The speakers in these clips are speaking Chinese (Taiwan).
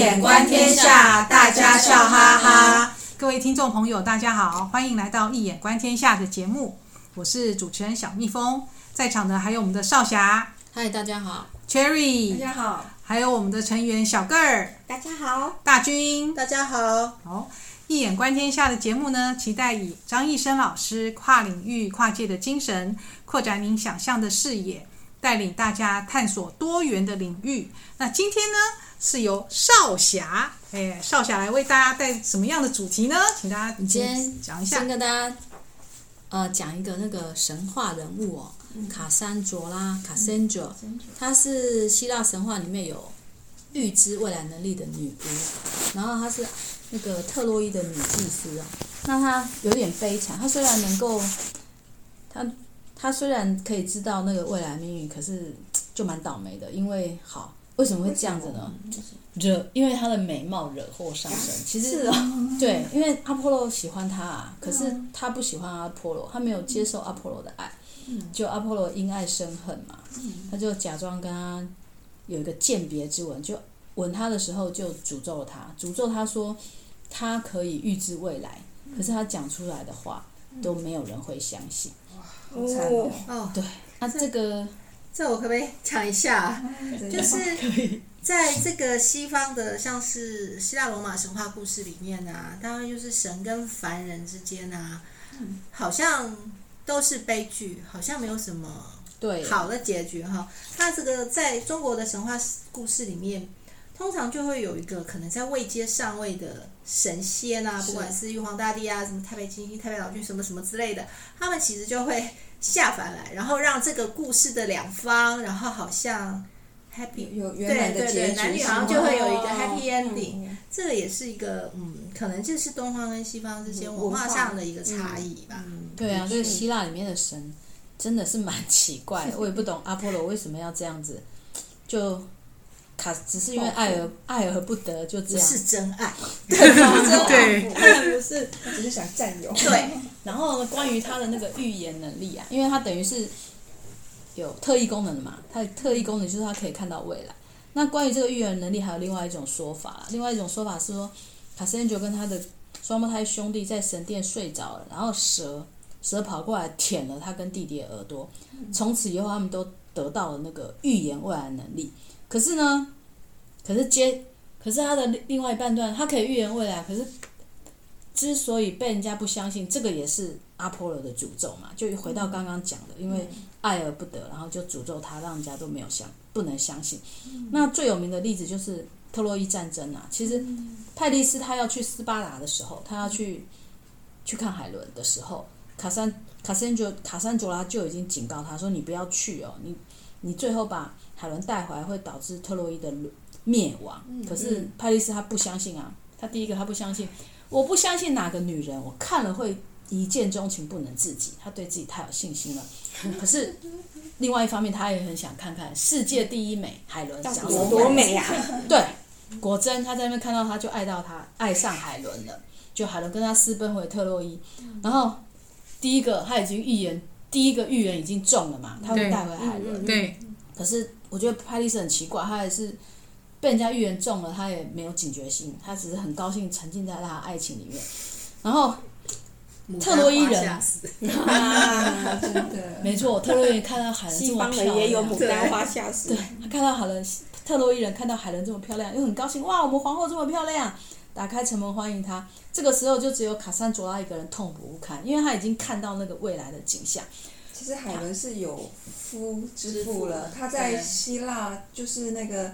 眼觀天下，大家笑哈哈。各位聽眾朋友，大家好，歡迎來到《易眼觀天下》的節目。我是主持人小蜜蜂，在場的還有我們的少俠，嗨，大家好；Cherry，大家好；還有我們的成員小個兒，大家好；大軍，大家好。哦，《易眼觀天下》的節目呢，期待以張易生老師跨領域、跨界的精神，擴展您想象的視野。帶領大家探索多元的領域。那今天呢，是由少俠，哎、少俠來為大家帶什麼樣的主題呢？請大家你先講一下。先跟大家，呃，講一個那個神話人物哦，嗯、卡珊卓拉，卡珊卓，嗯、她是希臘神話裡面有預知未來能力的女巫，然後她是那個特洛伊的女祭司哦，嗯，那她有點悲慘，她雖然能夠，她。他雖然可以知道那個未來命運，可是就蠻倒霉的，因為好為什麼會這樣子呢？就惹，因為他的美貌惹禍上身、啊。其實是、哦、 對，因為阿波羅喜歡他、啊啊，可是他不喜歡阿波羅，他沒有接受阿波羅的愛，嗯、就阿波羅因愛生恨嘛，嗯、他就假裝跟他有一個鑑別之吻，就吻他的時候就詛咒他，詛咒他說他可以預知未來，嗯、可是他講出來的話、嗯、都沒有人會相信。哦，oh, oh, 對，那、啊、這，這個，這我可不可以講一下？就是，在這個西方的，像是希臘羅馬神話故事裡面啊，當然就是神跟凡人之間啊、嗯，好像都是悲劇，好像沒有什麼對，好的結局哈。那這個在中國的神話故事裡面。通常就會有一個可能在位階上位的神仙啊，不管是玉皇大帝啊，什麼太白金星、太白老君什麼什麼之類的，他們其實就會下凡來，然後讓這個故事的兩方，然後好像 happy 有原來的結局，對對對，男女好像就會有一個 happy ending、哦嗯。這個也是一個嗯，可能就是東方跟西方之間文化上的一個差異吧。嗯嗯、對啊，這、嗯、是希臘裡面的神，真的是蠻奇怪的，我也不懂阿波羅為什麼要這樣子就。卡只是因為愛而、哦、愛而不得，就這樣。是真愛，對， 真愛不,愛不是， 他只是想占有。對。然後呢？關於他的那個預言能力啊，因為他等於是有特異功能的嘛，他的特異功能就是他可以看到未來。那關於這個預言能力，還有另外一種說法了、啊。另外一種說法是說，卡珊德拉跟他的雙胞胎兄弟在神殿睡着了，然後蛇蛇跑過來舔了他跟弟弟的耳朵，從、嗯、此以後他們都得到了那個預言未來能力。可是呢，可是接，可是他的另外一半段，他可以預言未來。可是之所以被人家不相信，這個也是阿波羅的詛咒嘛。就回到剛剛講的、嗯，因為愛而不得，然後就詛咒他，讓人家都沒有相，不能相信、嗯。那最有名的例子就是特洛伊戰爭啊。其實，嗯、派迪斯他要去斯巴達的時候，他要去去看海倫的時候，卡珊卡珊卓卡珊卓拉就已經警告他說：“你不要去哦，你你最後把。”海倫帶回來會導致特洛伊的滅亡。可是帕里斯他不相信啊，他第一個他不相信，我不相信哪個女人，我看了會一見鍾情不能自己。他對自己太有信心了。嗯、可是另外一方面，他也很想看看世界第一美、嗯、海倫長得多美啊！對，果真他在那邊看到她就愛到他愛上海倫了，就海倫跟他私奔回特洛伊。然後第一個他已經預言，第一個預言已經中了嘛，他會帶回海倫。對。對可是我覺得帕里斯很奇怪，他也是被人家預言中了，他也沒有警覺性，他只是很高興，沉浸在他的愛情裡面。然後特洛伊人，哈哈哈哈沒錯，特洛伊人看到海倫這麼漂亮也有牡丹花下死。對，對，看到海倫，特洛伊人看到海倫這麼漂亮又很高興，哇，我們皇後這麼漂亮，打開城門歡迎他。這個時候就只有卡珊卓拉一個人痛苦不堪，因為他已經看到那個未來的景象。其實海倫是有夫之婦了，他在希臘就是那個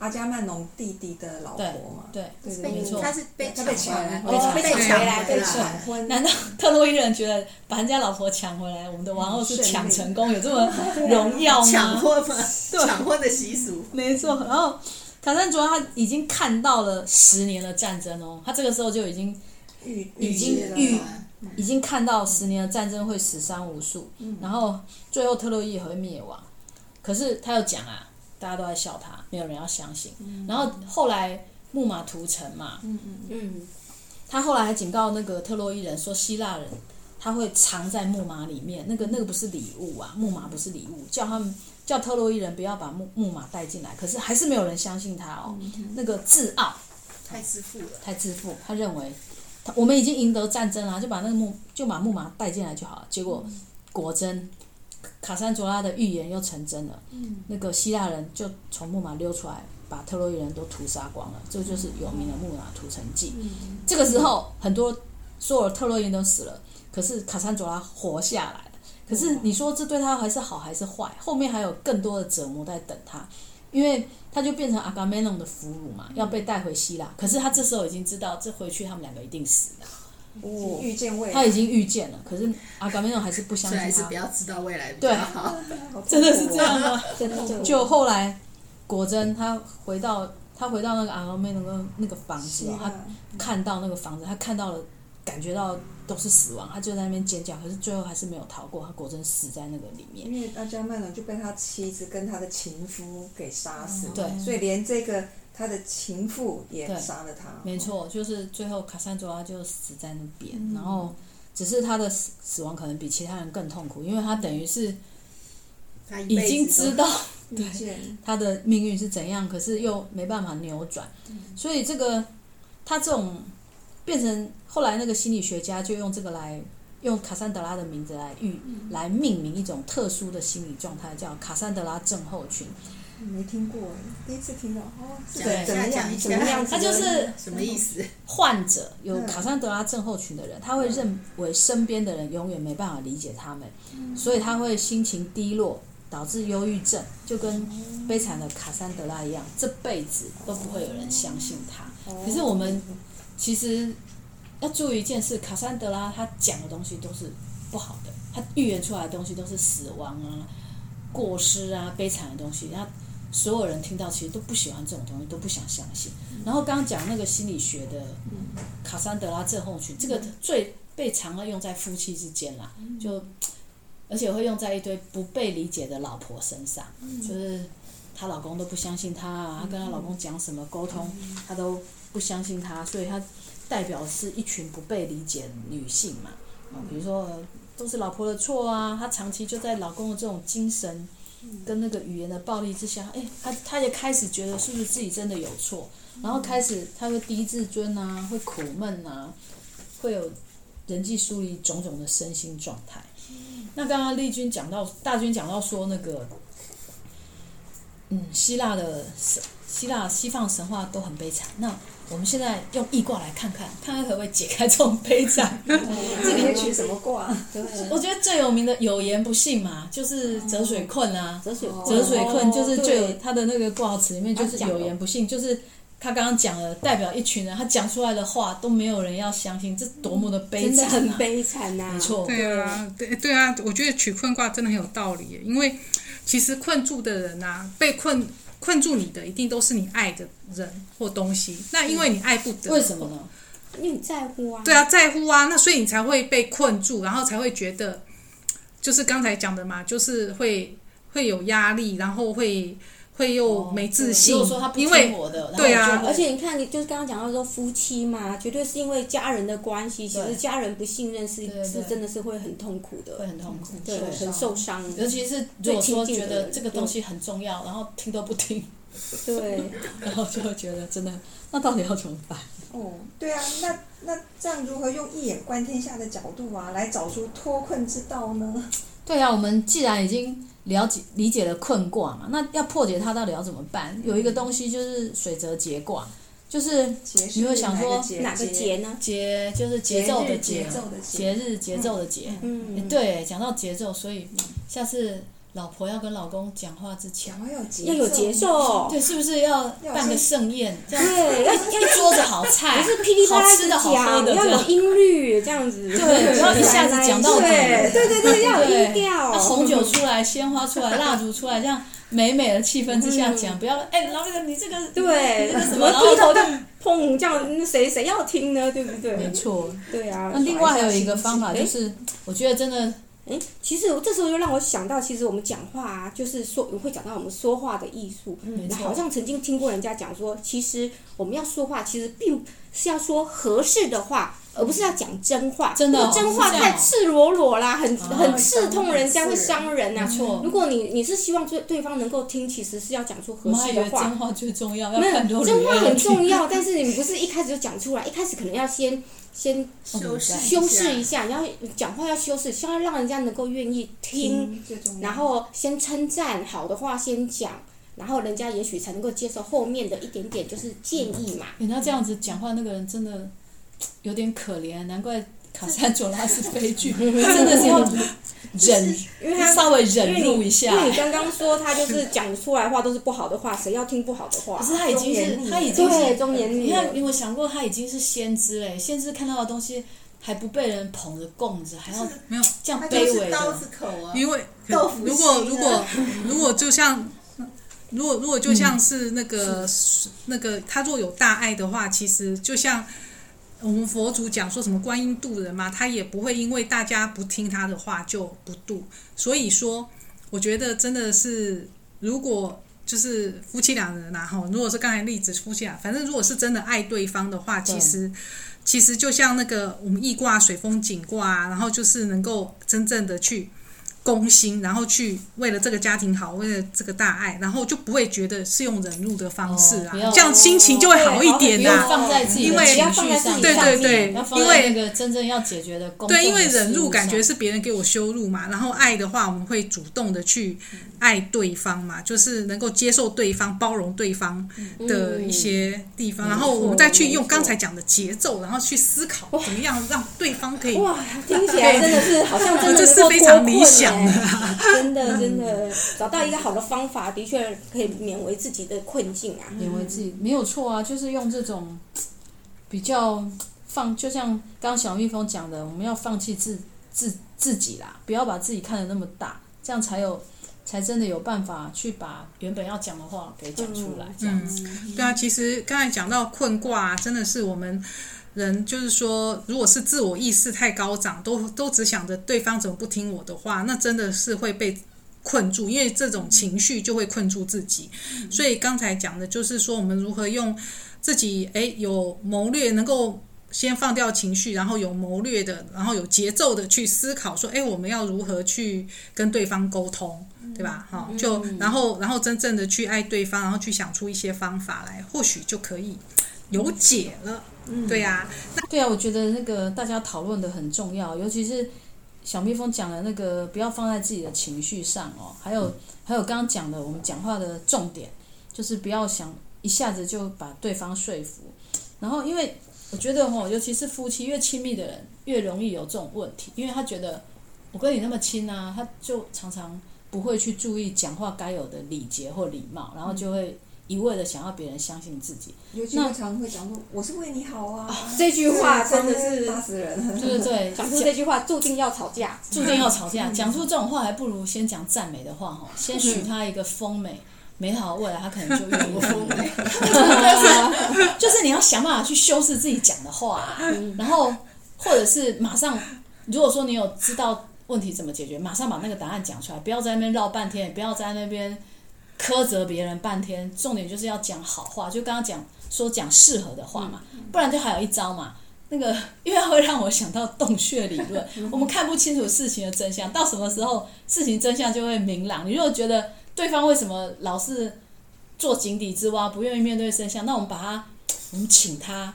阿加曼農弟弟的老婆嘛，對對對對。對，沒錯，他是被搶，他被搶回來的哦。被搶回來的，沒錯。 難道特洛伊人覺得把人家老婆搶回來，我們的王后是搶成功有這麼榮耀嗎？ 搶婚嗎對？搶婚的習俗，沒錯。然後，卡珊卓他已經看到了十年的戰爭哦，他這個時候就已經預，已經預。已經看到十年的戰爭會死傷無數，嗯、然後最後特洛伊也會滅亡。可是他又講啊，大家都在笑他，沒有人要相信。嗯、然後後來木馬屠城嘛，嗯嗯嗯，他後來還警告那個特洛伊人說，希臘人他會藏在木馬裡面，那個那個不是禮物啊，木馬不是禮物，叫他們叫特洛伊人不要把木木馬帶進來。可是還是沒有人相信他哦，嗯、那個自傲，太自負了，嗯、太自負，他認為。我們已經贏得戰爭了，就把那個木就把木馬帶進來就好了。結果果真，卡珊卓拉的預言又成真了。嗯，那個希臘人就從木馬溜出來，把特洛伊人都屠殺光了。這個、就是有名的木馬屠城記、嗯。這個時候，很多所有的特洛伊人都死了，可是卡珊卓拉活下來了。可是你說這對他還是好還是壞？後面還有更多的折磨在等他。因為他就變成阿伽門農的俘虜嘛，要被帶回希臘。可是他這時候已經知道，這回去他們兩個一定死了。哦，預見未來。他已經預見了，可是阿伽門農還是不相信他。不要知道未來比較好。對、啊啊、真的是這樣嗎？啊、就後來果真，他回到他回到那個阿伽門農的那個房子、啊，他看到那個房子，他看到了。感覺到都是死亡，他就在那邊尖叫，可是最後還是沒有逃過，他果真死在那個裡面。因為阿加曼農就被他妻子跟他的情夫給殺死，對、嗯，所以連這個他的情婦也殺了他。哦、沒錯，就是最後卡珊卓拉就死在那邊、嗯，然後只是他的死死亡可能比其他人更痛苦，因為他等於是已經知道他， 對他的命運是怎樣，可是又沒辦法扭轉、嗯，所以這個他這種。變成後來那個心理學家就用這個來用卡珊德拉的名字來喻、嗯、來命名一種特殊的心理狀態，叫卡珊德拉症候群。沒聽過，第一次聽到哦，講怎麼樣？他、啊、就是什麼意思？哦、患者，有卡珊德拉症候群的人，嗯、他會認為身邊的人永遠沒辦法理解他們、嗯，所以他會心情低落，導致憂鬱症，就跟悲慘的卡珊德拉一樣、嗯，這輩子都不會有人相信他。哦、可是我們。嗯其實要注意一件事，卡珊德拉他講的東西都是不好的，他預言出來的東西都是死亡啊、過失啊、悲慘的東西。然後所有人聽到，其實都不喜歡這種東西，都不想相信。嗯、然後剛，剛講那個心理學的、嗯、卡珊德拉症候群、嗯，這個最被常常用在夫妻之間啦，嗯、就而且會用在一堆不被理解的老婆身上，嗯、就是她老公都不相信她，她跟她老公講什麼溝通，她、嗯、都。不相信他，所以她代表是一群不被理解女性嘛，啊、嗯，比如說都是老婆的錯啊，她長期就在老公的這種精神跟那個語言的暴力之下，誒、欸，她她也開始覺得是不是自己真的有錯，然後開始她會低自尊啊，會苦悶啊，會有人際疏離種種的身心狀態。那剛剛麗君講到，大軍講到說那個。嗯，希臘的神，希臘西方神話都很悲慘。那我們現在用易卦來看看，看看可不可以解開這種悲慘。 對啊、 這裡面取什麼卦？啊？就是、 我覺得最有名的“有言不信”嘛，就是“澤水困”啊，“澤水”“澤水困，啊”水困水困水困就是最有他的那個卦辭裡面就是“有言不信”，就是他剛剛講了代表一群人，啊，他講出來的話都沒有人要相信，嗯，這多麼的悲慘，啊，真的很悲慘吶，啊！沒錯，對啊，對對啊，我覺得取困卦真的很有道理，因為。其實困住的人吶、啊，被困困住你的一定都是你愛的人或東西。那因為你愛不得，為什麼呢？哦、因為你在乎啊。對啊，在乎啊，那所以你才會被困住，然後才會覺得，就是剛才講的嘛，就是會會有壓力，然後會。會又沒自信，哦、如果說他不信我的，因為我對啊，而且你看，你就是剛剛講到說夫妻嘛，絕對是因為家人的關係，其實家人不信任是對對對，是真的是會很痛苦的，會很痛苦、嗯對，對，很受傷，尤其是如果說覺得這個東西很重要，然後聽都不聽，對，然後就會覺得真的，那到底要怎麼辦？哦，對啊，那那這樣如何用易眼觀天下的角度啊，來找出脫困之道呢？對啊，我們既然已經。了解理解了困卦嘛？那要破解它到底要怎麼辦？嗯，有一個東西就是水澤節卦，嗯，就是你會想說節哪個節呢？節就是節奏的節，節日節奏的節。節日節奏的節，嗯，欸對欸，講到節奏，所以下次。老婆要跟老公講話之前要，要有節奏，對，是不是要辦個盛宴？對，要一,一桌子好菜， 是好是噼里啪啦的要有音律這樣子。對，要一下子講到哪對對，對對對，對對要音調。紅酒出來，鮮花出來，蠟燭出來，這樣美美的氣氛之下講，嗯，不要哎，老、欸、公、這個，你這個對，你這個什麼豬頭的碰，這樣誰誰要聽呢？對不對？沒錯，對啊。那另外還有一個方法就是，我覺得真的。哎、嗯，其實我這時候又讓我想到，其實我們講話啊，就是說我會講到我們說話的藝術。嗯，那好像曾經聽過人家講說，其實我們要說話，其實並不是要說合適的話。而不是要講真話，真的、哦。真話太赤裸裸啦，哦、很很刺痛人家人、啊，會傷人吶。如果你你是希望對對方能夠聽，其實是要講出合適的話。真話最重要。沒有，真話很重要， 但是你不是一開始就講出來， 一開始可能要先先修飾、oh、一下，要、yeah. 講話要修飾，先讓人家能夠願意聽，聽，然後先稱讚好的話先講，然後人家也許才能夠接受後面的一點點就是建議嘛。你要、嗯欸、這樣子講話那個人真的。有點可憐，難怪卡珊卓拉是悲劇， 真的是要忍，因為他稍微忍辱一下因。因為你剛剛說他就是講出來話都是不好的話，的誰要聽不好的話？可是他已經是，他已經是忠言逆耳了。你看，你有想過他已經是先知？嘞？先知看到的東西還不被人捧着供着，還要沒有這樣卑微刀子口啊。因為豆腐心、啊，如果如果如果就像，如果如果就像是那個、嗯、那個他若有大愛的話，其實就像。我們佛祖講說什麼觀音渡人嘛，他也不會因為大家不聽他的話就不渡。所以說，我覺得真的是，如果就是夫妻兩人吶，哈，如果是剛才例子夫妻倆，反正如果是真的愛對方的話，其實其實就像那個我們易卦水風井卦，啊，然後就是能夠真正的去。公心，然後去為了這個家庭好，為了這個大愛，然後就不會覺得是用忍辱的方式啊、哦，這樣心情就會好一點、啊哦、好的、啊。因為放在自己情緒上對，對對對，因為那個真正要解決的，的。對，因為忍辱感覺是別人給我羞辱嘛，然後愛的話，我們會主動的去愛對方嘛，就是能夠接受對方、包容對方的一些地方、嗯，然後我們再去用剛才講的節奏，然後去思考怎麼樣讓對方可以，哇，可以哇，聽起來真的是好像真的這是非常理想。嗯、真的，真的，找到一個好的方法，的確可以免為自己的困境啊。嗯、免為自己沒有錯啊，就是用這種比較放，就像剛小蜜蜂講的，我們要放棄自自自己啦，不要把自己看得那麼大，這樣才有才真的有辦法去把原本要講的話給講出來、嗯。這樣子、嗯，對啊，其實剛才講到困卦、啊，真的是我們。人就是說，如果是自我意識太高漲，都都只想着對方怎麼不聽我的話，那真的是會被困住，因為這種情緒就會困住自己。嗯、所以剛才講的就是說，我們如何用自己誒有謀略，能夠先放掉情緒，然後有謀略的，然後有節奏的去思考說，說哎我們要如何去跟對方溝通，對吧？好、嗯，就然後然後真正的去愛對方，然後去想出一些方法來，或許就可以。有解了，嗯、對呀、那，對啊，我覺得那個大家討論的很重要，尤其是小蜜蜂講的那個不要放在自己的情緒上哦，還有、嗯、還有剛剛講的，我們講話的重點就是不要想一下子就把對方說服。然後，因為我覺得哈、哦，尤其是夫妻，越親密的人越容易有這種問題，因為他覺得我跟你那麼親啊，他就常常不會去注意講話該有的禮節或禮貌，然後就會。一味的想要別人相信自己，那有句話常，常會講出“我是為你好啊”哦，這，句就是、這句話，真的是打死人，對對對，講出這句話注定要吵架， 注定要吵架。講、嗯、出這種話，還不如先講讚美的話哈、嗯，先許他一個豐美、嗯、美好的未來，他可能就願意。 就，是啊、 就是你要想辦法去修飾自己講的話、啊嗯，然後或者是馬上，如果說你有知道問題怎麼解決，馬上把那個答案講出來，不要在那邊繞半天，也不要在那邊。苛責別人半天，重點就是要講好話，就剛剛講說講適合的話嘛，不然就還有一招嘛，那個因為會讓我想到洞穴理論， 我們看不清楚事情的真相，到什麼時候事情真相就會明朗？你如果覺得對方為什麼老是做井底之蛙，不願意面對真相，那我們把他，我們請他。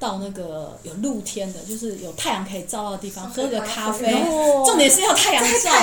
到那個有露天的，就是有太陽可以照到的地方，喝個咖啡、哦，重點是要太陽照一下，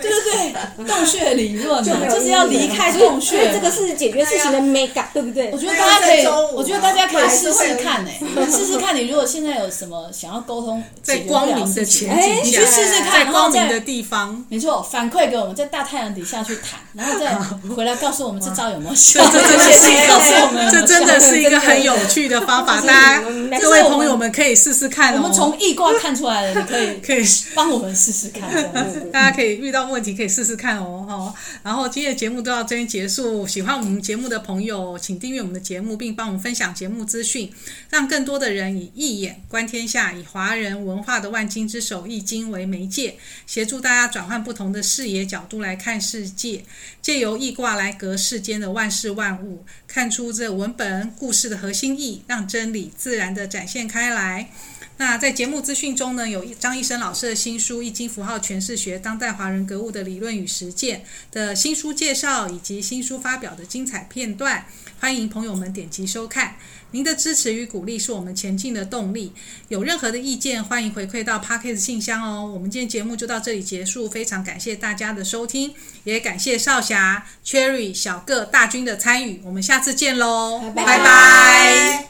對對對，洞穴理論、啊，就是要離開洞穴、啊，這個是解決事情的美感、啊，對不對？我覺得大家可以，啊、我覺得大家可以試試看誒、欸，試試看你如果現在有什麼想要溝通解決事情，在光明的前景你去試試看，然後在，在光明的地方，沒錯，反饋給我們，在大太陽底下去談，然後再回來告訴我們這招有沒有效？ 這真的是這真的是一個很有趣的方法。 大家，各位朋友們可以試試看哦。我們從易卦看出來的，你可以可以幫我們試試看。對對 大家可以遇到問題可以試試看哦，然後今天的節目就到這邊結束。喜歡我們節目的朋友，請訂閱我們的節目，並幫我們分享節目資訊，讓更多的人以一眼觀天下，以華人文化的萬經之首《易經》為媒介，協助大家轉換不同的視野角度來看世界，借由易卦來隔世間的萬事萬物，看出這文本故事的核心意，讓真理自然的展現開來。那在節目資訊中呢，有張易生老師的新書《易經符號詮釋學：當代華人格物的理論與實踐》的新書介紹以及新書發表的精彩片段，歡迎朋友們點擊收看。您的支持與鼓勵是我們前進的動力。有任何的意見，歡迎回饋到 Pocket 信箱哦。我們今天節目就到這裡結束，非常感謝大家的收聽，也感謝少俠、Cherry、小個、大軍的參與。我們下次見嘍，拜拜。